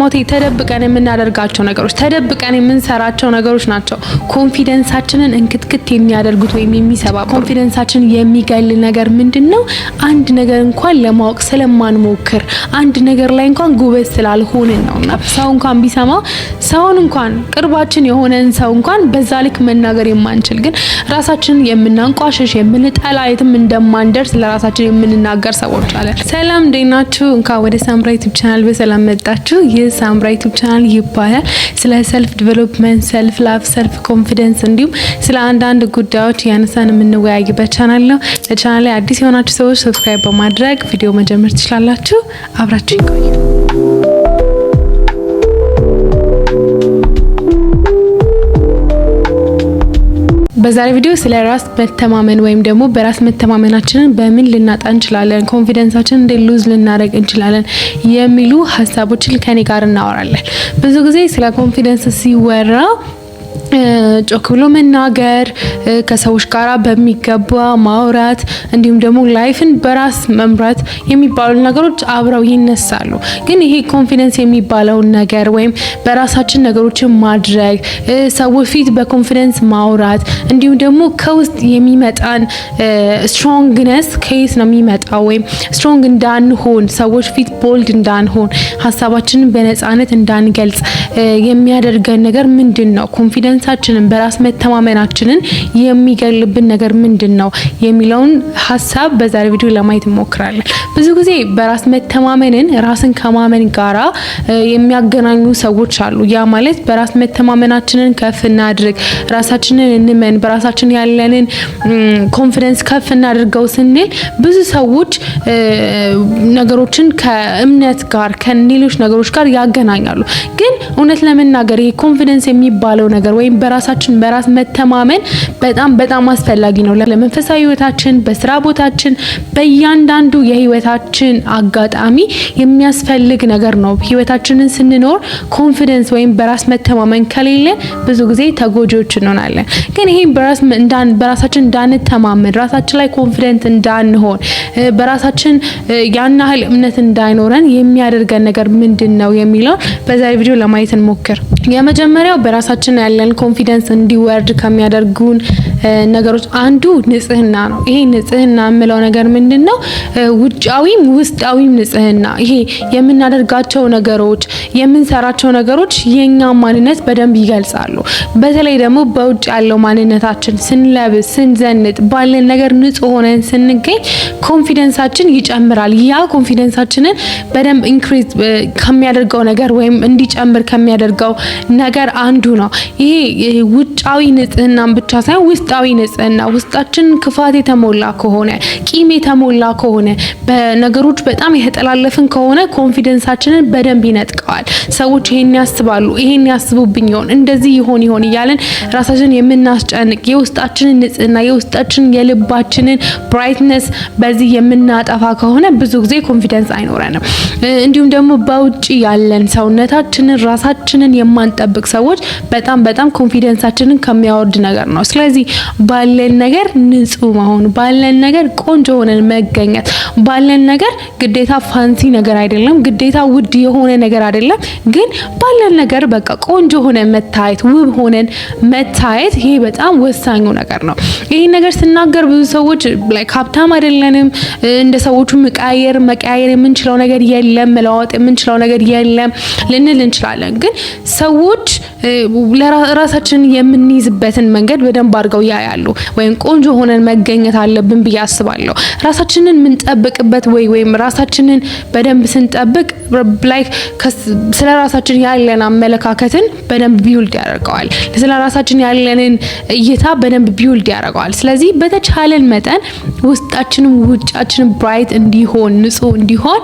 ሞቴ ተደብቀን የምናደርጋቸው ነገሮች ተደብቀን የምንሰራቸው ነገሮች ናቸው። ኮንፊደንሳችንን እንክትክት የሚያደርጉት ወይም የሚሰባ ኮንፊደንሳችን የሚገል ነገር ምንድን ነው? አንድ ነገር እንኳን ለማወቅ ስለማንሞክር አንድ ነገር ላይ እንኳን ጉበት ስላልሆንን ነው። እና ሰው እንኳን ቢሰማ ሰውን እንኳን ቅርባችን የሆነን ሰው እንኳን በዛ ልክ መናገር የማንችል ግን ራሳችንን የምናንቋሽሽ የምንጠላ፣ የትም እንደማንደርስ ለራሳችን የምንናገር ሰዎች አለ። ሰላም እንዴት ናችሁ? እንኳን ወደ ሳምራ ቻናል በሰላም መጣችሁ። ሳምራ ዩቲዩብ ቻናል ይባላል። ስለ ሰልፍ ዲቨሎፕመንት፣ ሰልፍ ላቭ፣ ሰልፍ ኮንፊደንስ እንዲሁም ስለ አንዳንድ ጉዳዮች ያነሳን የምንወያይበት ቻናል ነው። ለቻናል ላይ አዲስ የሆናችሁ ሰዎች ሰብስክራይብ በማድረግ ቪዲዮ መጀመር ትችላላችሁ። አብራችሁ ይቆዩ። በዛሬ ቪዲዮ ስለ ራስ መተማመን ወይም ደግሞ በራስ መተማመናችንን በምን ልናጣ እንችላለን፣ ኮንፊደንሳችንን እንዴት ሉዝ ልናደርግ እንችላለን የሚሉ ሀሳቦችን ከኔ ጋር እናወራለን። ብዙ ጊዜ ስለ ኮንፊደንስ ሲወራ ጮክ ብሎ መናገር፣ ከሰዎች ጋር በሚገባ ማውራት፣ እንዲሁም ደግሞ ላይፍን በራስ መምራት የሚባሉ ነገሮች አብረው ይነሳሉ። ግን ይሄ ኮንፊደንስ የሚባለውን ነገር ወይም በራሳችን ነገሮችን ማድረግ፣ ሰዎች ፊት በኮንፊደንስ ማውራት፣ እንዲሁም ደግሞ ከውስጥ የሚመጣን ስትሮንግነስ ከየት ነው የሚመጣው? ወይም ስትሮንግ እንዳንሆን፣ ሰዎች ፊት ቦልድ እንዳንሆን፣ ሀሳባችንን በነፃነት እንዳንገልጽ የሚያደርገን ነገር ምንድን ነው? ኮንፊደንስ ኮንፊደንሳችንን በራስ መተማመናችንን የሚገልብን ነገር ምንድን ነው የሚለውን ሀሳብ በዛሬ ቪዲዮ ለማየት እንሞክራለን። ብዙ ጊዜ በራስ መተማመንን ራስን ከማመን ጋራ የሚያገናኙ ሰዎች አሉ። ያ ማለት በራስ መተማመናችንን ከፍ እናድርግ፣ ራሳችንን እንመን፣ በራሳችን ያለንን ኮንፊደንስ ከፍ እናድርገው ስንል ብዙ ሰዎች ነገሮችን ከእምነት ጋር ከሌሎች ነገሮች ጋር ያገናኛሉ። ግን እውነት ለመናገር ይሄ ኮንፊደንስ የሚባለው ነገር ወይም ወይም በራሳችን በራስ መተማመን በጣም በጣም አስፈላጊ ነው ለመንፈሳዊ ህይወታችን፣ በስራ ቦታችን፣ በእያንዳንዱ የህይወታችን አጋጣሚ የሚያስፈልግ ነገር ነው። ህይወታችንን ስንኖር ኮንፊደንስ ወይም በራስ መተማመን ከሌለ ብዙ ጊዜ ተጎጂዎች እንሆናለን። ግን ይህም በራሳችን እንዳንተማመን ራሳችን ላይ ኮንፊደንት እንዳንሆን በራሳችን ያን ያህል እምነት እንዳይኖረን የሚያደርገን ነገር ምንድን ነው የሚለው በዛሬ ቪዲዮ ለማየት እንሞክር። የመጀመሪያው በራሳችን ያለን ኮንፊደንስ እንዲወርድ ከሚያደርጉን ነገሮች አንዱ ንጽህና ነው። ይሄ ንጽህና የምለው ነገር ምንድን ነው? ውጫዊም ውስጣዊም ንጽህና። ይሄ የምናደርጋቸው ነገሮች፣ የምንሰራቸው ነገሮች የኛ ማንነት በደንብ ይገልጻሉ። በተለይ ደግሞ በውጭ ያለው ማንነታችን ስንለብስ፣ ስንዘንጥ፣ ባለን ነገር ንጹህ ሆነን ስንገኝ ኮንፊደንሳችን ይጨምራል። ያ ኮንፊደንሳችንን በደንብ ኢንክሪዝ ከሚያደርገው ነገር ወይም እንዲጨምር ከሚያደርገው ነገር አንዱ ነው። ይሄ ውጫዊ ንጽህናን ብቻ ሳይሆን ውስጣዊ ንጽህና ውስጣችን ክፋት የተሞላ ከሆነ ቂም የተሞላ ከሆነ በነገሮች በጣም የተጠላለፍን ከሆነ ኮንፊደንሳችንን በደንብ ይነጥቀዋል። ሰዎች ይሄን ያስባሉ፣ ይሄን ያስቡብኝ ይሆን፣ እንደዚህ ይሆን ይሆን እያለን ራሳችን የምናስጨንቅ የውስጣችንን ንጽህና የውስጣችንን የልባችንን ብራይትነስ በዚህ የምናጠፋ ከሆነ ብዙ ጊዜ ኮንፊደንስ አይኖረንም። እንዲሁም ደግሞ በውጭ ያለን ሰውነታችንን ራሳችንን የማንጠብቅ ሰዎች በጣም በጣም ኮንፊደንሳችንን ከሚያወርድ ነገር ነው። ስለዚህ ባለን ነገር ንጹህ መሆን፣ ባለን ነገር ቆንጆ ሆነን መገኘት፣ ባለን ነገር ግዴታ ፋንሲ ነገር አይደለም፣ ግዴታ ውድ የሆነ ነገር አይደለም። ግን ባለን ነገር በቃ ቆንጆ ሆነን መታየት፣ ውብ ሆነን መታየት፣ ይሄ በጣም ወሳኙ ነገር ነው። ይህን ነገር ስናገር ብዙ ሰዎች ላይክ ሀብታም አይደለንም እንደ ሰዎቹ መቀያየር መቀያየር የምንችለው ነገር የለም፣ መለዋወጥ የምንችለው ነገር የለም ልንል እንችላለን። ግን ሰዎች ለራ ራሳችንን የምንይዝበትን መንገድ በደንብ አድርገው ያያሉ። ወይም ቆንጆ ሆነን መገኘት አለብን ብዬ አስባለሁ። ራሳችንን የምንጠብቅበት ወይ ወይም ራሳችንን በደንብ ስንጠብቅ ላይክ ስለ ራሳችን ያለን አመለካከትን በደንብ ቢውልድ ያደርገዋል። ስለ ራሳችን ያለንን እይታ በደንብ ቢውልድ ያደርገዋል። ስለዚህ በተቻለን መጠን ውስጣችንም ውጫችንም ብራይት እንዲሆን ንጹህ እንዲሆን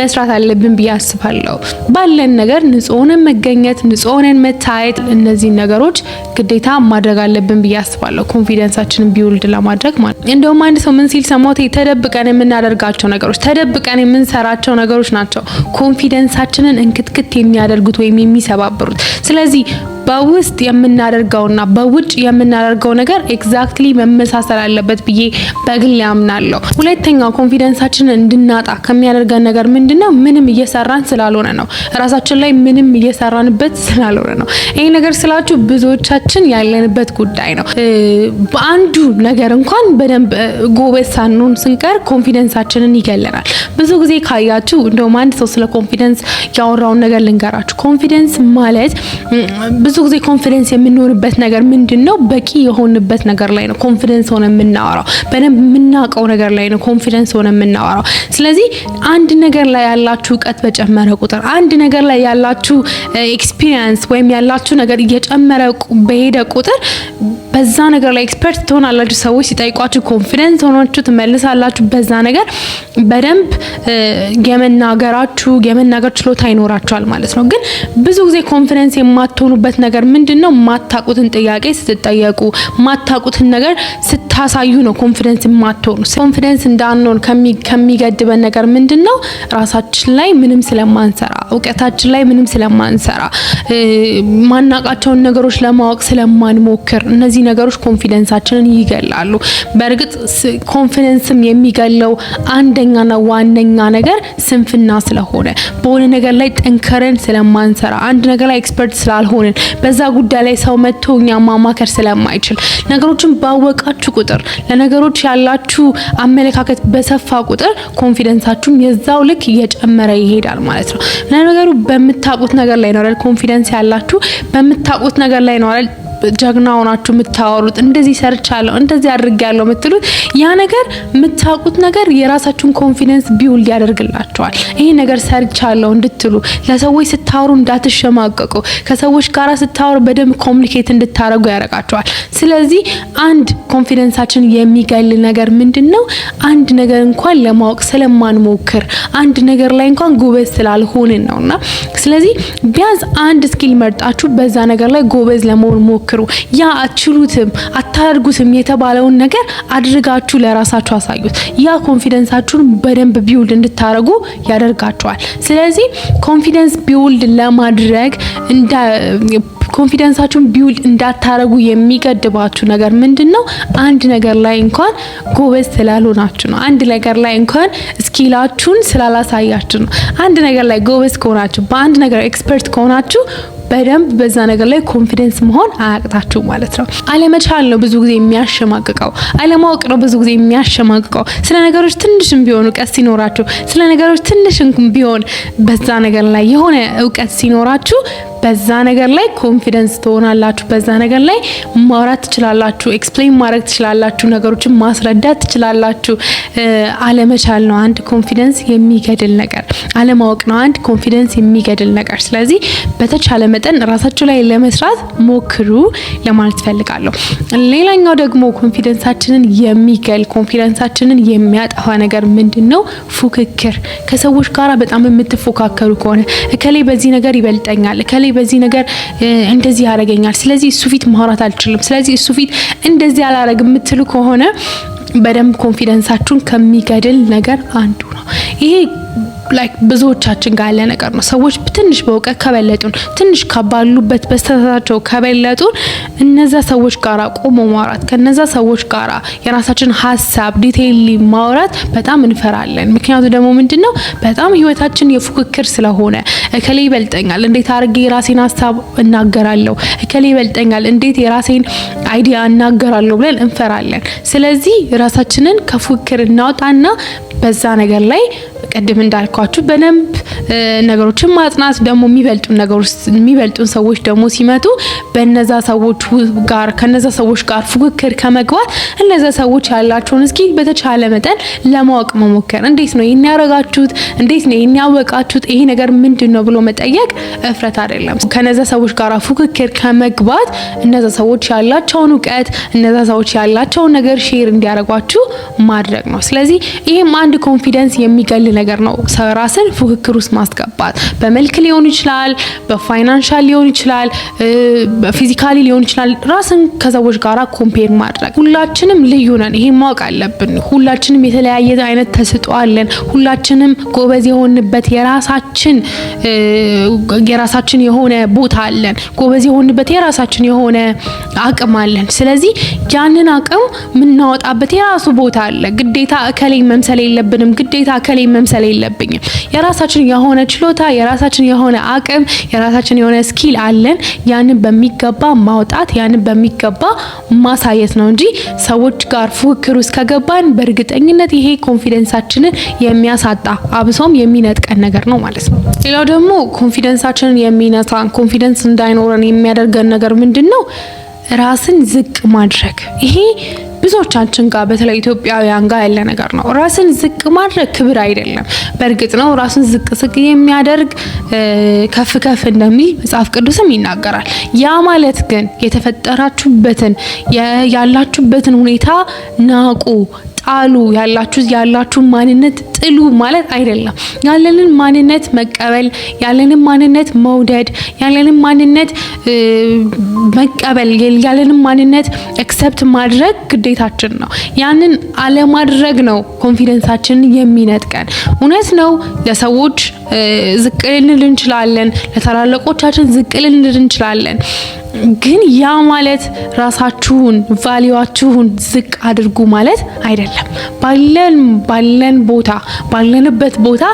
መስራት አለብን ብዬ አስባለሁ። ባለን ነገር ንጹህ ሆነን መገኘት፣ ንጹህ ሆነን መታየት እነዚህን ነገር ነገሮች ግዴታ ማድረግ አለብን ብዬ አስባለሁ። ኮንፊደንሳችንን ቢውልድ ለማድረግ ማለት ነው። እንደውም አንድ ሰው ምን ሲል ሰማሁት? ተደብቀን የምናደርጋቸው ነገሮች፣ ተደብቀን የምንሰራቸው ነገሮች ናቸው ኮንፊደንሳችንን እንክትክት የሚያደርጉት ወይም የሚሰባብሩት። ስለዚህ በውስጥ የምናደርገውና በውጭ የምናደርገው ነገር ኤግዛክትሊ መመሳሰል አለበት ብዬ በግል ያምናለሁ። ሁለተኛው ኮንፊደንሳችንን እንድናጣ ከሚያደርገን ነገር ምንድነው ነው? ምንም እየሰራን ስላልሆነ ነው። ራሳችን ላይ ምንም እየሰራንበት ስላልሆነ ነው። ይሄ ነገር ስላችሁ ብዙዎቻችን ያለንበት ጉዳይ ነው። በአንዱ ነገር እንኳን በደንብ ጎበዝ ሳንሆን ስንቀር ኮንፊደንሳችንን ይገለናል። ብዙ ጊዜ ካያችሁ እንደውም አንድ ሰው ስለ ኮንፊደንስ ያወራውን ነገር ልንገራችሁ። ኮንፊደንስ ማለት ብዙ ጊዜ ኮንፊደንስ የምንሆንበት ነገር ምንድን ነው? በቂ የሆንበት ነገር ላይ ነው ኮንፊደንስ ሆነ የምናወራው። በደንብ የምናውቀው ነገር ላይ ነው ኮንፊደንስ ሆነ የምናወራው። ስለዚህ አንድ ነገር ላይ ያላችሁ እውቀት በጨመረ ቁጥር፣ አንድ ነገር ላይ ያላችሁ ኤክስፒሪየንስ eh, ወይም ያላችሁ ነገር እየጨመረ በሄደ ቁጥር በዛ ነገር ላይ ኤክስፐርት ትሆናላችሁ። ሰዎች ሲጠይቋችሁ ኮንፊደንስ ሆናችሁ ትመልሳላችሁ። በዛ ነገር በደንብ የመናገራችሁ የመናገር ችሎታ ይኖራችኋል ማለት ነው። ግን ብዙ ጊዜ ኮንፊደንስ የማትሆኑበት ነገር ምንድን ነው? ማታቁትን ጥያቄ ስትጠየቁ፣ ማታቁትን ነገር ስታሳዩ ነው ኮንፊደንስ የማትሆኑ። ኮንፊደንስ እንዳንሆን ከሚገድበን ነገር ምንድን ነው? ራሳችን ላይ ምንም ስለማንሰራ፣ እውቀታችን ላይ ምንም ስለማንሰራ፣ ማናቃቸውን ነገሮች ለማወቅ ስለማንሞክር እነዚህ እነዚህ ነገሮች ኮንፊደንሳችንን ይገላሉ። በእርግጥ ኮንፊደንስም የሚገለው አንደኛና ዋነኛ ነገር ስንፍና ስለሆነ በሆነ ነገር ላይ ጠንከረን ስለማንሰራ አንድ ነገር ላይ ኤክስፐርት ስላልሆንን በዛ ጉዳይ ላይ ሰው መጥቶ እኛ ማማከር ስለማይችል ነገሮችን ባወቃችሁ ቁጥር ለነገሮች ያላችሁ አመለካከት በሰፋ ቁጥር ኮንፊደንሳችሁም የዛው ልክ እየጨመረ ይሄዳል ማለት ነው። ለነገሩ በምታውቁት ነገር ላይ ነው አይደል ኮንፊደንስ ያላችሁ በምታውቁት ነገር ላይ ነው አይደል ጀግና ሆናችሁ የምታወሩት እንደዚህ ሰርቻለሁ እንደዚህ አድርጌያለሁ የምትሉት ያ ነገር የምታውቁት ነገር የራሳችሁን ኮንፊደንስ ቢውልድ ያደርግላቸዋል። ይሄ ነገር ሰርቻለሁ እንድትሉ ለሰዎች ስታወሩ እንዳትሸማቀቁ፣ ከሰዎች ጋር ስታወሩ በደንብ ኮሚኒኬት እንድታደርጉ ያደርጋቸዋል። ስለዚህ አንድ ኮንፊደንሳችን የሚገል ነገር ምንድን ነው? አንድ ነገር እንኳን ለማወቅ ስለማንሞክር አንድ ነገር ላይ እንኳን ጎበዝ ስላልሆንን ነውና፣ ስለዚህ ቢያንስ አንድ ስኪል መርጣችሁ በዛ ነገር ላይ ጎበዝ ለመሆን ሞክ ሞክሩ። ያ አትችሉትም፣ አታደርጉትም የተባለውን ነገር አድርጋችሁ ለራሳችሁ አሳዩት። ያ ኮንፊደንሳችሁን በደንብ ቢውልድ እንድታረጉ ያደርጋችኋል። ስለዚህ ኮንፊደንስ ቢውልድ ለማድረግ እንደ ኮንፊደንሳችሁን ቢውልድ እንዳታረጉ የሚገድባችሁ ነገር ምንድን ነው? አንድ ነገር ላይ እንኳን ጎበዝ ስላልሆናችሁ ነው። አንድ ነገር ላይ እንኳን ስኪላችሁን ስላላሳያችሁ ነው። አንድ ነገር ላይ ጎበዝ ከሆናችሁ፣ በአንድ ነገር ኤክስፐርት ከሆናችሁ በደንብ በዛ ነገር ላይ ኮንፊደንስ መሆን አያቅታችሁ ማለት ነው። አለመቻል ነው ብዙ ጊዜ የሚያሸማቅቀው፣ አለማወቅ ነው ብዙ ጊዜ የሚያሸማቅቀው። ስለ ነገሮች ትንሽም ቢሆን እውቀት ሲኖራችሁ፣ ስለ ነገሮች ትንሽም ቢሆን በዛ ነገር ላይ የሆነ እውቀት ሲኖራችሁ በዛ ነገር ላይ ኮንፊደንስ ትሆናላችሁ። በዛ ነገር ላይ ማውራት ትችላላችሁ፣ ኤክስፕሌን ማድረግ ትችላላችሁ፣ ነገሮችን ማስረዳት ትችላላችሁ። አለመቻል ነው አንድ ኮንፊደንስ የሚገድል ነገር፣ አለማወቅ ነው አንድ ኮንፊደንስ የሚገድል ነገር። ስለዚህ በተቻለ መጠን ራሳችሁ ላይ ለመስራት ሞክሩ ለማለት ፈልጋለሁ። ሌላኛው ደግሞ ኮንፊደንሳችንን የሚገል ኮንፊደንሳችንን የሚያጠፋ ነገር ምንድን ነው? ፉክክር። ከሰዎች ጋራ በጣም የምትፎካከሩ ከሆነ እከሌ በዚህ ነገር ይበልጠኛል፣ እከሌ በዚህ ነገር እንደዚህ ያደርገኛል፣ ስለዚህ እሱ ፊት ማውራት አልችልም፣ ስለዚህ እሱ ፊት እንደዚህ አላረግ የምትሉ ከሆነ በደንብ ኮንፊደንሳችሁን ከሚገድል ነገር አንዱ ነው ይሄ ላይክ ብዙዎቻችን ጋር ያለ ነገር ነው። ሰዎች ትንሽ በእውቀት ከበለጡን፣ ትንሽ ባሉበት በስተታቸው ከበለጡን እነዛ ሰዎች ጋራ ቆሞ ማውራት ከነዛ ሰዎች ጋራ የራሳችን ሀሳብ ዲቴይል ማውራት በጣም እንፈራለን። ምክንያቱ ደግሞ ምንድን ነው? በጣም ህይወታችን የፉክክር ስለሆነ እከሌ ይበልጠኛል፣ እንዴት አድርጌ የራሴን ሀሳብ እናገራለሁ፣ እከሌ ይበልጠኛል፣ እንዴት የራሴን አይዲያ እናገራለሁ ብለን እንፈራለን። ስለዚህ ራሳችንን ከፉክክር እናውጣና በዛ ነገር ላይ ቅድም እንዳልኳችሁ በደንብ ነገሮችን ማጥናት ደግሞ የሚበልጡን ነገሮች የሚበልጡን ሰዎች ደግሞ ሲመጡ በነዛ ሰዎች ጋር ከነዛ ሰዎች ጋር ፉክክር ከመግባት እነዛ ሰዎች ያላቸውን እስኪ በተቻለ መጠን ለማወቅ መሞከር። እንዴት ነው ይህን ያረጋችሁት? እንዴት ነው ይህን ያወቃችሁት? ይሄ ነገር ምንድን ነው ብሎ መጠየቅ እፍረት አይደለም። ከነዛ ሰዎች ጋር ፉክክር ከመግባት እነዛ ሰዎች ያላቸውን እውቀት እነዛ ሰዎች ያላቸውን ነገር ሼር እንዲያደርጓችሁ ማድረግ ነው። ስለዚህ ይህም አንድ ኮንፊደንስ የሚገል ነገር ነው ራስን ፉክክር ውስጥ ማስገባት። በመልክ ሊሆን ይችላል፣ በፋይናንሻል ሊሆን ይችላል፣ በፊዚካሊ ሊሆን ይችላል። ራስን ከሰዎች ጋር ኮምፔር ማድረግ። ሁላችንም ልዩ ነን፣ ይሄ ማወቅ አለብን። ሁላችንም የተለያየ አይነት ተስጦ አለን። ሁላችንም ጎበዝ የሆንበት የራሳችን የራሳችን የሆነ ቦታ አለን። ጎበዝ የሆንበት የራሳችን የሆነ አቅም አለን። ስለዚህ ያንን አቅም የምናወጣበት የራሱ ቦታ አለ። ግዴታ እከሌ መምሰል የለብንም። ግዴታ እከሌ መምሰል የለብኝም። የራሳችን የሆነ ችሎታ፣ የራሳችን የሆነ አቅም፣ የራሳችን የሆነ ስኪል አለን። ያንን በሚገባ ማውጣት፣ ያንን በሚገባ ማሳየት ነው እንጂ ሰዎች ጋር ፉክክር ውስጥ ከገባን በእርግጠኝነት ይሄ ኮንፊደንሳችንን የሚያሳጣ አብሶም የሚነጥቀን ነገር ነው ማለት ነው። ሌላው ደግሞ ኮንፊደንሳችንን የሚነሳ ኮንፊደንስ እንዳይኖረን የሚያደርገን ነገር ምንድን ነው? ራስን ዝቅ ማድረግ ይሄ ብዙዎቻችን ጋር በተለይ ኢትዮጵያውያን ጋር ያለ ነገር ነው። ራስን ዝቅ ማድረግ ክብር አይደለም። በእርግጥ ነው ራስን ዝቅ ዝቅ የሚያደርግ ከፍ ከፍ እንደሚል መጽሐፍ ቅዱስም ይናገራል። ያ ማለት ግን የተፈጠራችሁበትን ያላችሁበትን ሁኔታ ናቁ፣ ጣሉ ያላችሁ ያላችሁን ማንነት ጥሉ ማለት አይደለም። ያለንን ማንነት መቀበል፣ ያለንን ማንነት መውደድ፣ ያለንን ማንነት መቀበል፣ ያለንን ማንነት ኤክሰፕት ማድረግ ግዴታችን ነው። ያንን አለማድረግ ነው ኮንፊደንሳችንን የሚነጥቀን። እውነት ነው ለሰዎች ዝቅ ልንል እንችላለን፣ ለታላላቆቻችን ዝቅ ልንል እንችላለን። ግን ያ ማለት ራሳችሁን ቫሊዋችሁን ዝቅ አድርጉ ማለት አይደለም። ባለን ባለን ቦታ ባለንበት ቦታ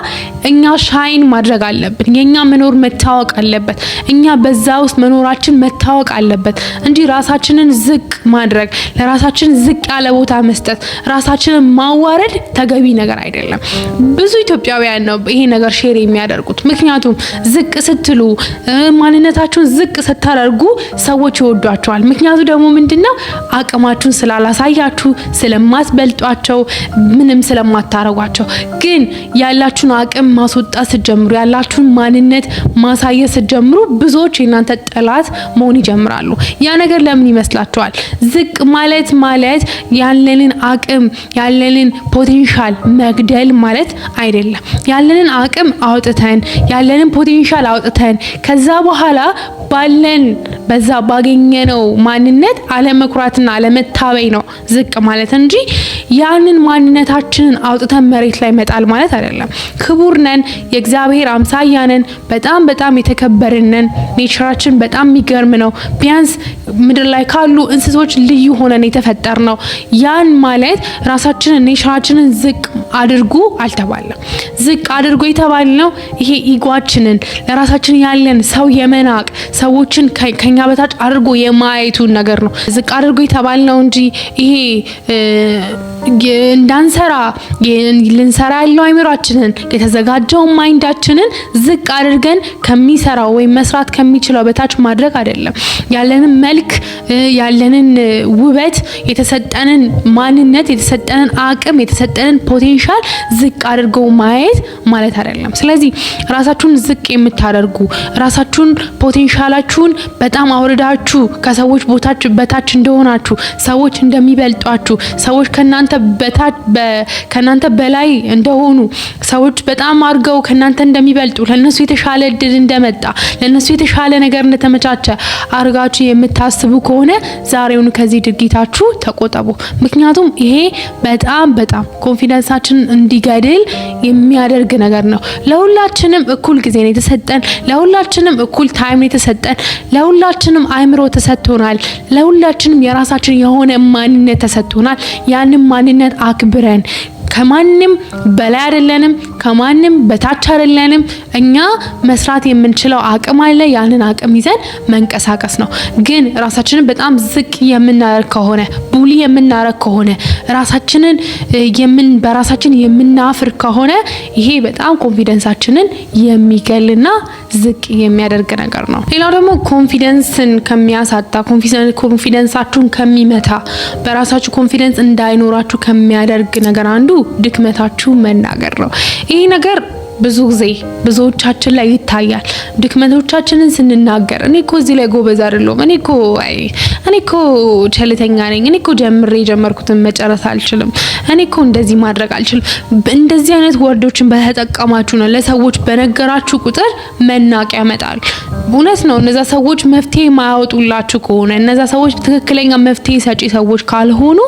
እኛ ሻይን ማድረግ አለብን። የኛ መኖር መታወቅ አለበት። እኛ በዛ ውስጥ መኖራችን መታወቅ አለበት እንጂ ራሳችንን ዝቅ ማድረግ፣ ለራሳችን ዝቅ ያለ ቦታ መስጠት፣ ራሳችንን ማዋረድ ተገቢ ነገር አይደለም። ብዙ ኢትዮጵያውያን ነው ይሄ ነገር ሼር የሚያደርጉት። ምክንያቱም ዝቅ ስትሉ ማንነታችሁን ዝቅ ስታደርጉ ሰዎች ይወዷቸዋል። ምክንያቱ ደግሞ ምንድነው አቅማችሁን ስላላሳያችሁ፣ ስለማትበልጧቸው፣ ምንም ስለማታረጓቸው። ግን ያላችሁን አቅም ማስወጣት ስትጀምሩ፣ ያላችሁን ማንነት ማሳየት ስትጀምሩ ብዙዎች የእናንተ ጠላት መሆን ይጀምራሉ። ያ ነገር ለምን ይመስላችኋል? ዝቅ ማለት ማለት ያለንን አቅም ያለንን ፖቴንሻል መግደል ማለት አይደለም። ያለንን አቅም አውጥተን ያለንን ፖቴንሻል አውጥተን ከዛ በኋላ ባለን በዛ ባገኘነው ማንነት አለመኩራትና አለመታበይ ነው ዝቅ ማለት እንጂ ያንን ማንነታችንን አውጥተን መሬት ላይ መጣል ማለት አይደለም። ክቡር ነን፣ የእግዚአብሔር አምሳያ ነን፣ በጣም በጣም የተከበርን ኔቸራችን በጣም የሚገርም ነው። ቢያንስ ምድር ላይ ካሉ እንስሶች ልዩ ሆነን የተፈጠር ነው። ያን ማለት ራሳችንን ኔቸራችንን ዝቅ አድርጉ አልተባለም። ዝቅ አድርጎ ነው ይሄ ኢጓችንን ለራሳችን ያለን ሰው የመናቅ ሰዎችን ከኛ በታች አድርጎ የማየቱን ነገር ነው። ዝቅ አድርጎ የተባል ነው እንጂ ይሄ እንዳንሰራ ልንሰራ ያለው አይምሯችንን የተዘጋጀው ማይንዳችንን ዝቅ አድርገን ከሚሰራው ወይም መስራት ከሚችለው በታች ማድረግ አይደለም። ያለንን መልክ፣ ያለንን ውበት፣ የተሰጠንን ማንነት፣ የተሰጠንን አቅም፣ የተሰጠንን ፖቴንሻል ዝቅ አድርገው ማየት ማለት አይደለም። ስለዚህ ራሳችሁን ዝቅ የምታደርጉ ራሳችሁን ፖቴንሻላችሁን በጣም አውርዳችሁ ከሰዎች ቦታች በታች እንደሆናችሁ ሰዎች እንደሚበልጧችሁ ሰዎች ከናንተ በታች ከናንተ በላይ እንደሆኑ ሰዎች በጣም አድርገው ከናንተ እንደሚበልጡ ለነሱ የተሻለ እድል እንደመጣ ለነሱ የተሻለ ነገር እንደተመቻቸ አድርጋችሁ የምታስቡ ከሆነ ዛሬውን ከዚህ ድርጊታችሁ ተቆጠቡ። ምክንያቱም ይሄ በጣም በጣም ኮንፊደንሳችን እንዲገድል የሚያደርግ ነገር ነው። ለሁላችንም እኩል ጊዜ ነው የተሰጠን። ለሁላችንም እኩል ታይም ነው የተሰጠን። ለሁላ ለሁላችንም አእምሮ ተሰጥቶናል። ለሁላችንም የራሳችን የሆነ ማንነት ተሰጥቶናል። ያንን ማንነት አክብረን ከማንም በላይ አይደለንም። ከማንም በታች አይደለንም። እኛ መስራት የምንችለው አቅም አለ። ያንን አቅም ይዘን መንቀሳቀስ ነው። ግን ራሳችንን በጣም ዝቅ የምናደርግ ከሆነ ቡሊ የምናደርግ ከሆነ ራሳችንን የምን በራሳችን የምናፍር ከሆነ ይሄ በጣም ኮንፊደንሳችንን የሚገልና ዝቅ የሚያደርግ ነገር ነው። ሌላው ደግሞ ኮንፊደንስን ከሚያሳጣ ኮንፊደንሳችሁን ከሚመታ በራሳችሁ ኮንፊደንስ እንዳይኖራችሁ ከሚያደርግ ነገር አንዱ ድክመታችሁ መናገር ነው። ይህ ነገር ብዙ ጊዜ ብዙዎቻችን ላይ ይታያል። ድክመቶቻችንን ስንናገር እኔ እኮ እዚህ ላይ ጎበዝ አይደለሁም፣ እኔ እኮ እኔ እኮ ቸልተኛ ነኝ፣ እኔ እኮ ጀምሬ የጀመርኩትን መጨረስ አልችልም፣ እኔ እኮ እንደዚህ ማድረግ አልችልም። እንደዚህ አይነት ወርዶችን በተጠቀማችሁ ነው ለሰዎች በነገራችሁ ቁጥር መናቅ ያመጣል። እውነት ነው። እነዛ ሰዎች መፍትሄ ማያወጡላችሁ ከሆነ እነዛ ሰዎች ትክክለኛ መፍትሄ ሰጪ ሰዎች ካልሆኑ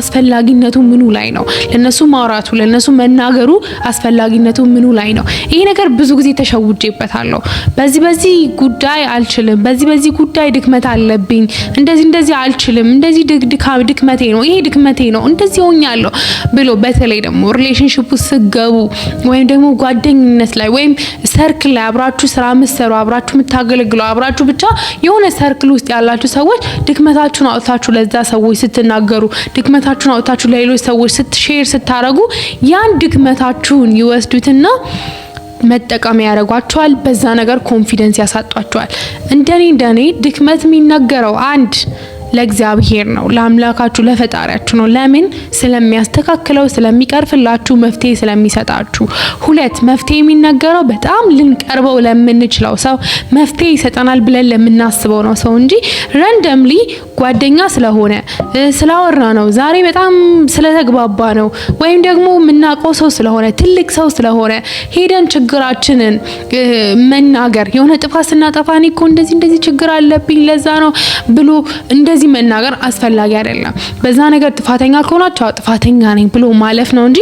አስፈላጊነቱ ምኑ ላይ ነው? ለነሱ ማውራቱ ለነሱ መናገሩ አስፈላጊነቱ ምኑ ላይ ነው? ነው። ይሄ ነገር ብዙ ጊዜ ተሸውጄበታለሁ። በዚህ በዚህ ጉዳይ አልችልም፣ በዚህ በዚህ ጉዳይ ድክመት አለብኝ፣ እንደዚህ እንደዚህ አልችልም፣ እንደዚህ ድካም ድክመቴ ነው፣ ይሄ ድክመቴ ነው፣ እንደዚህ ሆኛለሁ ብሎ በተለይ ደግሞ ሪሌሽንሽፕ ውስጥ ስገቡ ወይም ደግሞ ጓደኝነት ላይ ወይም ሰርክል ላይ አብራችሁ ስራ ምሰሩ አብራችሁ የምታገለግሉ አብራችሁ ብቻ የሆነ ሰርክል ውስጥ ያላችሁ ሰዎች ድክመታችሁን አውጥታችሁ ለዛ ሰዎች ስትናገሩ ድክመታችሁን አውጥታችሁ ለሌሎች ሰዎች ስትሼር ስታረጉ ያን ድክመታችሁን ይወስዱትና መጠቀም ያደርጓቸዋል። በዛ ነገር ኮንፊደንስ ያሳጧቸዋል። እንደኔ እንደኔ ድክመት የሚናገረው አንድ ለእግዚአብሔር ነው፣ ለአምላካችሁ ለፈጣሪያችሁ ነው። ለምን? ስለሚያስተካክለው፣ ስለሚቀርፍላችሁ፣ መፍትሄ ስለሚሰጣችሁ። ሁለት መፍትሄ የሚነገረው በጣም ልንቀርበው ለምንችለው ሰው መፍትሄ ይሰጠናል ብለን ለምናስበው ነው ሰው እንጂ ረንደምሊ ጓደኛ ስለሆነ ስላወራ ነው ዛሬ በጣም ስለተግባባ ነው ወይም ደግሞ የምናውቀው ሰው ስለሆነ ትልቅ ሰው ስለሆነ ሄደን ችግራችንን መናገር የሆነ ጥፋት ስናጠፋ እኔ እኮ እንደዚህ እንደዚህ ችግር አለብኝ ለዛ ነው ብሎ እንደ ስለዚህ መናገር አስፈላጊ አይደለም። በዛ ነገር ጥፋተኛ ከሆናቸው ጥፋተኛ ነኝ ብሎ ማለፍ ነው እንጂ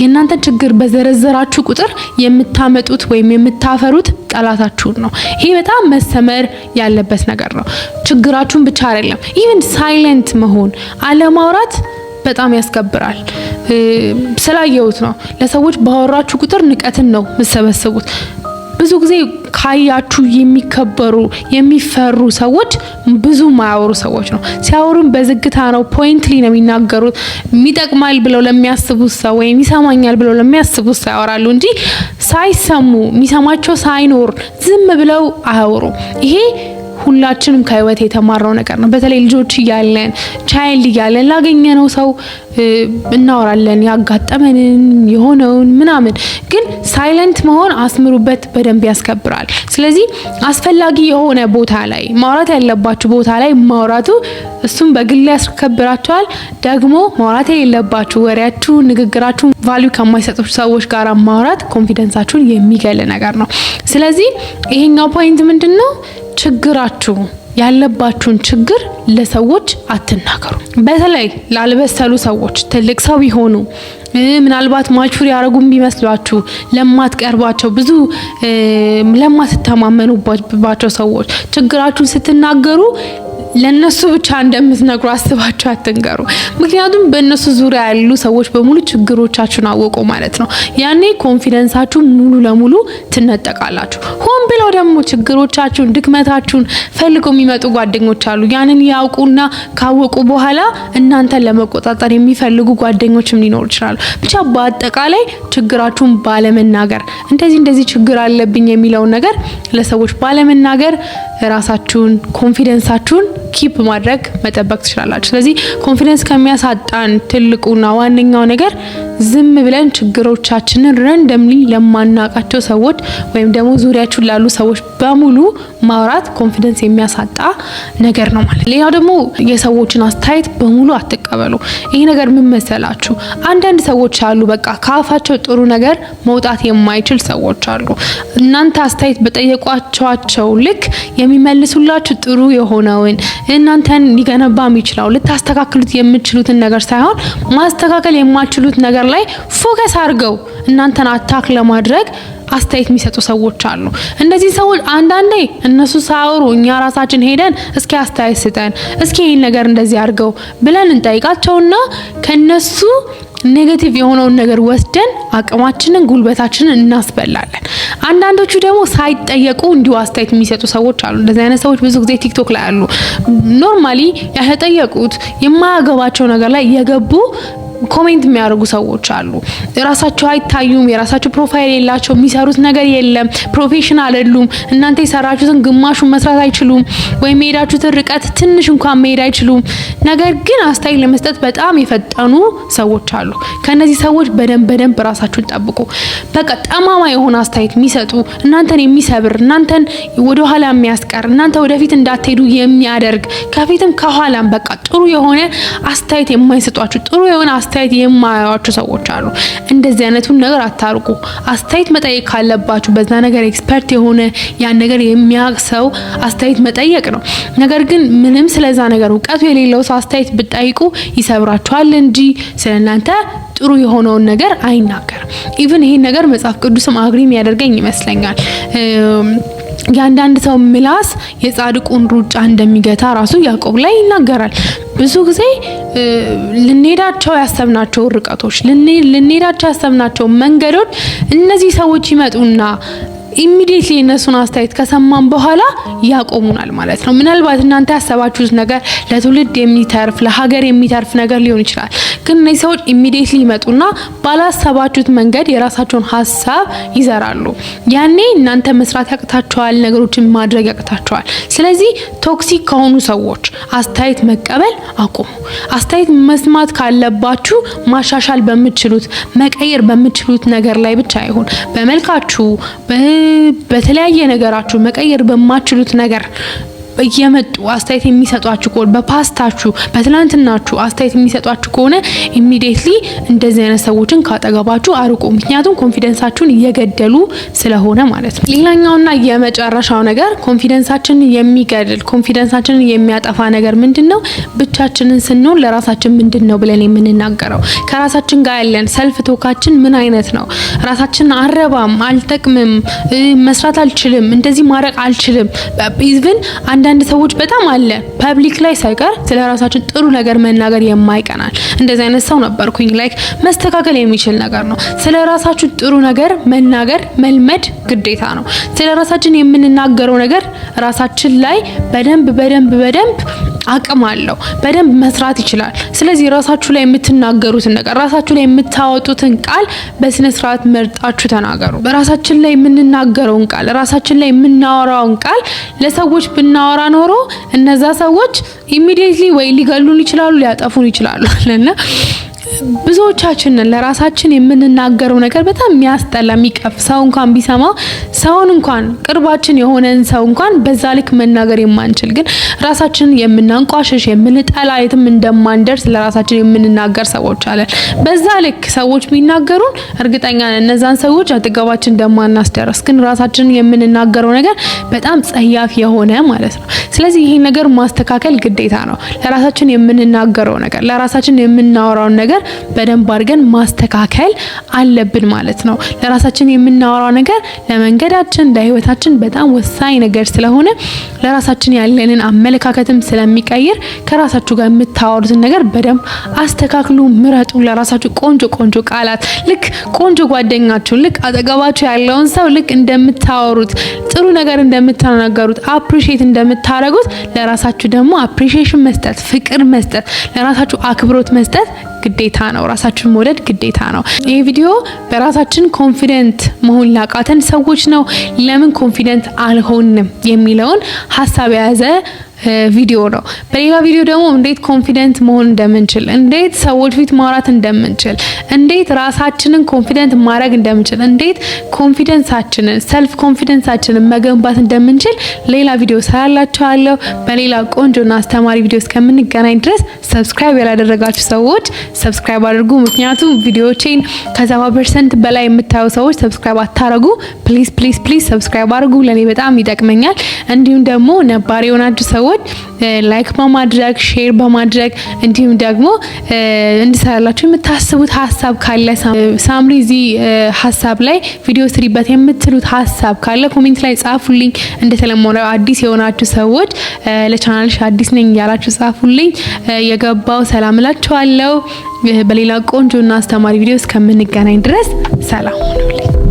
የእናንተ ችግር በዘረዘራችሁ ቁጥር የምታመጡት ወይም የምታፈሩት ጠላታችሁን ነው። ይሄ በጣም መሰመር ያለበት ነገር ነው። ችግራችሁን ብቻ አይደለም፣ ኢቨን ሳይለንት መሆን አለማውራት በጣም ያስከብራል። ስላየሁት ነው። ለሰዎች ባወራችሁ ቁጥር ንቀትን ነው የምትሰበስቡት። ብዙ ጊዜ ካያችሁ የሚከበሩ የሚፈሩ ሰዎች ብዙ ማያወሩ ሰዎች ነው። ሲያወሩም በዝግታ ነው፣ ፖይንትሊ ነው የሚናገሩት። የሚጠቅማል ብለው ለሚያስቡት ሰው ወይም ይሰማኛል ብለው ለሚያስቡት ሰው ያወራሉ እንጂ ሳይሰሙ የሚሰማቸው ሳይኖር ዝም ብለው አያወሩ ይሄ ሁላችንም ከህይወት የተማራው ነገር ነው። በተለይ ልጆች እያለን ቻይልድ እያለን ላገኘነው ሰው እናወራለን ያጋጠመንን የሆነውን ምናምን። ግን ሳይለንት መሆን አስምሩበት፣ በደንብ ያስከብራል። ስለዚህ አስፈላጊ የሆነ ቦታ ላይ ማውራት ያለባችሁ ቦታ ላይ ማውራቱ እሱም በግል ያስከብራችኋል። ደግሞ ማውራት የሌለባችሁ ወሬያችሁ፣ ንግግራችሁ ቫሊዩ ከማይሰጡት ሰዎች ጋር ማውራት ኮንፊደንሳችሁን የሚገል ነገር ነው። ስለዚህ ይሄኛው ፖይንት ምንድን ነው? ችግራችሁ ያለባችሁን ችግር ለሰዎች አትናገሩ። በተለይ ላልበሰሉ ሰዎች ትልቅ ሰው ይሆኑ ምናልባት ማቹር ያደረጉም ቢመስሏችሁ ለማትቀርባቸው ብዙ ለማትተማመኑባቸው ሰዎች ችግራችሁን ስትናገሩ ለነሱ ብቻ እንደምትነግሩ አስባችሁ አትንገሩ። ምክንያቱም በእነሱ ዙሪያ ያሉ ሰዎች በሙሉ ችግሮቻችሁን አወቁ ማለት ነው። ያኔ ኮንፊደንሳችሁ ሙሉ ለሙሉ ትነጠቃላችሁ። ሆን ብለው ደግሞ ችግሮቻችሁን፣ ድክመታችሁን ፈልገው የሚመጡ ጓደኞች አሉ። ያንን ያውቁና ካወቁ በኋላ እናንተን ለመቆጣጠር የሚፈልጉ ጓደኞችም ሊኖሩ ይችላሉ። ብቻ በአጠቃላይ ችግራችሁን ባለመናገር እንደዚህ እንደዚህ ችግር አለብኝ የሚለውን ነገር ለሰዎች ባለመናገር ራሳችሁን ኮንፊደንሳችሁን ኪፕ ማድረግ መጠበቅ ትችላላችሁ። ስለዚህ ኮንፊደንስ ከሚያሳጣን ትልቁና ዋነኛው ነገር ዝም ብለን ችግሮቻችንን ረንደምሊ ለማናቃቸው ሰዎች ወይም ደግሞ ዙሪያችሁ ላሉ ሰዎች በሙሉ ማውራት ኮንፊደንስ የሚያሳጣ ነገር ነው ማለት። ሌላው ደግሞ የሰዎችን አስተያየት በሙሉ አትቀበሉ። ይሄ ነገር ምን መሰላችሁ? አንዳንድ ሰዎች አሉ፣ በቃ ከአፋቸው ጥሩ ነገር መውጣት የማይችል ሰዎች አሉ። እናንተ አስተያየት በጠየቋቸዋቸው ልክ የሚመልሱላችሁ ጥሩ የሆነውን እናንተን ሊገነባ የሚችለው ልታስተካክሉት የምትችሉትን ነገር ሳይሆን ማስተካከል የማችሉት ነገር ላይ ፎከስ አድርገው እናንተን አታክ ለማድረግ አስተያየት የሚሰጡ ሰዎች አሉ። እነዚህ ሰዎች አንዳንዴ እነሱ ሳያወሩ እኛ ራሳችን ሄደን እስኪ አስተያየት ስጠን፣ እስኪ ይህን ነገር እንደዚህ አድርገው ብለን እንጠይቃቸውና ከነሱ ኔጌቲቭ የሆነውን ነገር ወስደን አቅማችንን ጉልበታችንን እናስበላለን። አንዳንዶቹ ደግሞ ሳይጠየቁ እንዲሁ አስተያየት የሚሰጡ ሰዎች አሉ። እንደዚህ አይነት ሰዎች ብዙ ጊዜ ቲክቶክ ላይ አሉ። ኖርማሊ ያልተጠየቁት የማያገባቸው ነገር ላይ የገቡ ኮሜንት የሚያደርጉ ሰዎች አሉ። ራሳቸው አይታዩም፣ የራሳቸው ፕሮፋይል የላቸው፣ የሚሰሩት ነገር የለም፣ ፕሮፌሽን አይደሉም። እናንተ የሰራችሁትን ግማሹን መስራት አይችሉም፣ ወይም የሄዳችሁትን ርቀት ትንሽ እንኳን መሄድ አይችሉም። ነገር ግን አስተያየት ለመስጠት በጣም የፈጠኑ ሰዎች አሉ። ከነዚህ ሰዎች በደንብ በደንብ ራሳችሁን ጠብቁ። በቃ ጠማማ የሆነ አስተያየት የሚሰጡ እናንተን የሚሰብር እናንተን ወደኋላ የሚያስቀር እናንተ ወደፊት እንዳትሄዱ የሚያደርግ ከፊትም ከኋላም በቃ ጥሩ የሆነ አስተያየት የማይሰጧችሁ ጥሩ የሆነ አስተያየት የማያዩቸው ሰዎች አሉ። እንደዚህ አይነቱን ነገር አታርቁ። አስተያየት መጠየቅ ካለባችሁ በዛ ነገር ኤክስፐርት የሆነ ያን ነገር የሚያውቅ ሰው አስተያየት መጠየቅ ነው። ነገር ግን ምንም ስለዛ ነገር እውቀቱ የሌለው ሰው አስተያየት ብጠይቁ ይሰብራችኋል እንጂ ስለ እናንተ ጥሩ የሆነውን ነገር አይናገርም። ኢቭን ይህን ነገር መጽሐፍ ቅዱስም አግሪ የሚያደርገኝ ይመስለኛል። የአንዳንድ ሰው ምላስ የጻድቁን ሩጫ እንደሚገታ ራሱ ያዕቆብ ላይ ይናገራል። ብዙ ጊዜ ልንሄዳቸው ያሰብናቸው ርቀቶች፣ ልንሄዳቸው ያሰብናቸው መንገዶች እነዚህ ሰዎች ይመጡና ኢሚዲየትሊ እነሱን አስተያየት ከሰማን በኋላ ያቆሙናል ማለት ነው። ምናልባት እናንተ ያሰባችሁት ነገር ለትውልድ የሚተርፍ ለሀገር የሚተርፍ ነገር ሊሆን ይችላል። ግን እነዚህ ሰዎች ኢሚዲየትሊ ይመጡና ባላሰባችሁት መንገድ የራሳቸውን ሀሳብ ይዘራሉ። ያኔ እናንተ መስራት ያቅታቸዋል፣ ነገሮችን ማድረግ ያቅታቸዋል። ስለዚህ ቶክሲክ ከሆኑ ሰዎች አስተያየት መቀበል አቁሙ። አስተያየት መስማት ካለባችሁ ማሻሻል በምትችሉት መቀየር በምትችሉት ነገር ላይ ብቻ ይሁን በመልካችሁ በተለያየ ነገራችሁ መቀየር በማችሉት ነገር እየመጡ አስተያየት የሚሰጧችሁ ከሆነ በፓስታችሁ በትላንትናችሁ አስተያየት የሚሰጧችሁ ከሆነ ኢሚዲየትሊ እንደዚህ አይነት ሰዎችን ካጠገባችሁ አርቁ። ምክንያቱም ኮንፊደንሳችሁን እየገደሉ ስለሆነ ማለት ነው። ሌላኛውና የመጨረሻው ነገር ኮንፊደንሳችንን የሚገድል ኮንፊደንሳችንን የሚያጠፋ ነገር ምንድን ነው? ብቻችንን ስንሆን ለራሳችን ምንድን ነው ብለን የምንናገረው ከራሳችን ጋር ያለን ሰልፍ ቶካችን ምን አይነት ነው? ራሳችን አረባም፣ አልጠቅምም፣ መስራት አልችልም፣ እንደዚህ ማድረግ አልችልም ኢቭን አንዳንድ ሰዎች በጣም አለ ፐብሊክ ላይ ሳይቀር ስለ ራሳችን ጥሩ ነገር መናገር የማይቀናል። እንደዚህ አይነት ሰው ነበርኩኝ። ላይክ መስተካከል የሚችል ነገር ነው። ስለ ራሳችን ጥሩ ነገር መናገር መልመድ ግዴታ ነው። ስለ ራሳችን የምንናገረው ነገር ራሳችን ላይ በደንብ በደንብ በደንብ አቅም አለው፣ በደንብ መስራት ይችላል። ስለዚህ ራሳችሁ ላይ የምትናገሩትን ነገር ራሳችሁ ላይ የምታወጡትን ቃል በስነ ስርዓት መርጣችሁ ተናገሩ። በራሳችን ላይ የምንናገረውን ቃል ራሳችን ላይ የምናወራውን ቃል ለሰዎች ብናወራ ኖሮ እነዛ ሰዎች ኢሚዲየትሊ ወይ ሊገሉን ይችላሉ፣ ሊያጠፉን ይችላሉ እና ብዙዎቻችንን ለራሳችን የምንናገረው ነገር በጣም የሚያስጠላ የሚቀፍ ሰው እንኳን ቢሰማ ሰውን እንኳን ቅርባችን የሆነን ሰው እንኳን በዛ ልክ መናገር የማንችል ግን ራሳችንን የምናንቋሸሽ የምንጠላ የትም እንደማንደርስ ለራሳችን የምንናገር ሰዎች አለን። በዛ ልክ ሰዎች ቢናገሩን እርግጠኛ ነን እነዛን ሰዎች አጠገባችን እንደማናስደርስ፣ ግን ራሳችን የምንናገረው ነገር በጣም ጸያፍ የሆነ ማለት ነው። ስለዚህ ይሄ ነገር ማስተካከል ግዴታ ነው። ለራሳችን የምንናገረው ነገር ለራሳችን የምናወራውን ነገር በደንብ አድርገን ማስተካከል አለብን ማለት ነው። ለራሳችን የምናወራው ነገር ለመንገድ ለመስተዳድራችን ለህይወታችን በጣም ወሳኝ ነገር ስለሆነ ለራሳችን ያለንን አመለካከትም ስለሚቀይር ከራሳችሁ ጋር የምታወሩትን ነገር በደንብ አስተካክሉ፣ ምረጡ። ለራሳችሁ ቆንጆ ቆንጆ ቃላት ልክ ቆንጆ ጓደኛችሁ ልክ አጠገባችሁ ያለውን ሰው ልክ እንደምታወሩት ጥሩ ነገር እንደምትናገሩት አፕሪሺየት እንደምታደርጉት ለራሳችሁ ደግሞ አፕሪሺየሽን መስጠት፣ ፍቅር መስጠት፣ ለራሳችሁ አክብሮት መስጠት ግዴታ ነው። ራሳችን መውደድ ግዴታ ነው። ይህ ቪዲዮ በራሳችን ኮንፊደንት መሆን ላቃተን ሰዎች ነው ለምን ኮንፊደንት አልሆንም የሚለውን ሀሳብ የያዘ ቪዲዮ ነው። በሌላ ቪዲዮ ደግሞ እንዴት ኮንፊደንት መሆን እንደምንችል፣ እንዴት ሰዎች ፊት ማውራት እንደምንችል፣ እንዴት ራሳችንን ኮንፊደንት ማድረግ እንደምንችል፣ እንዴት ኮንፊደንሳችንን ሰልፍ ኮንፊደንሳችንን መገንባት እንደምንችል ሌላ ቪዲዮ ሰራላችኋለሁ። በሌላ ቆንጆና አስተማሪ ቪዲዮ እስከምንገናኝ ድረስ ሰብስክራይብ ያላደረጋችሁ ሰዎች ሰብስክራይብ አድርጉ። ምክንያቱም ቪዲዮዎቼን ከሰባ ፐርሰንት በላይ የምታዩ ሰዎች ሰብስክራይብ አታረጉ። ፕሊዝ ፕሊዝ ፕሊዝ ሰብስክራይብ አድርጉ። ለእኔ በጣም ይጠቅመኛል። እንዲሁም ደግሞ ነባር የሆናችሁ ሰዎች ላይክ በማድረግ ሼር በማድረግ እንዲሁም ደግሞ እንዲሰራላችሁ የምታስቡት ሀሳብ ካለ ሳምሪ እዚህ ሀሳብ ላይ ቪዲዮ ስሪበት የምትሉት ሀሳብ ካለ ኮሜንት ላይ ጻፉልኝ። እንደተለመደው አዲስ የሆናችሁ ሰዎች ለቻናልሽ አዲስ ነኝ እያላችሁ ጻፉልኝ። የገባው ሰላም እላችኋለሁ። በሌላ ቆንጆና አስተማሪ ቪዲዮ እስከምንገናኝ ድረስ ሰላም ሁኑልኝ።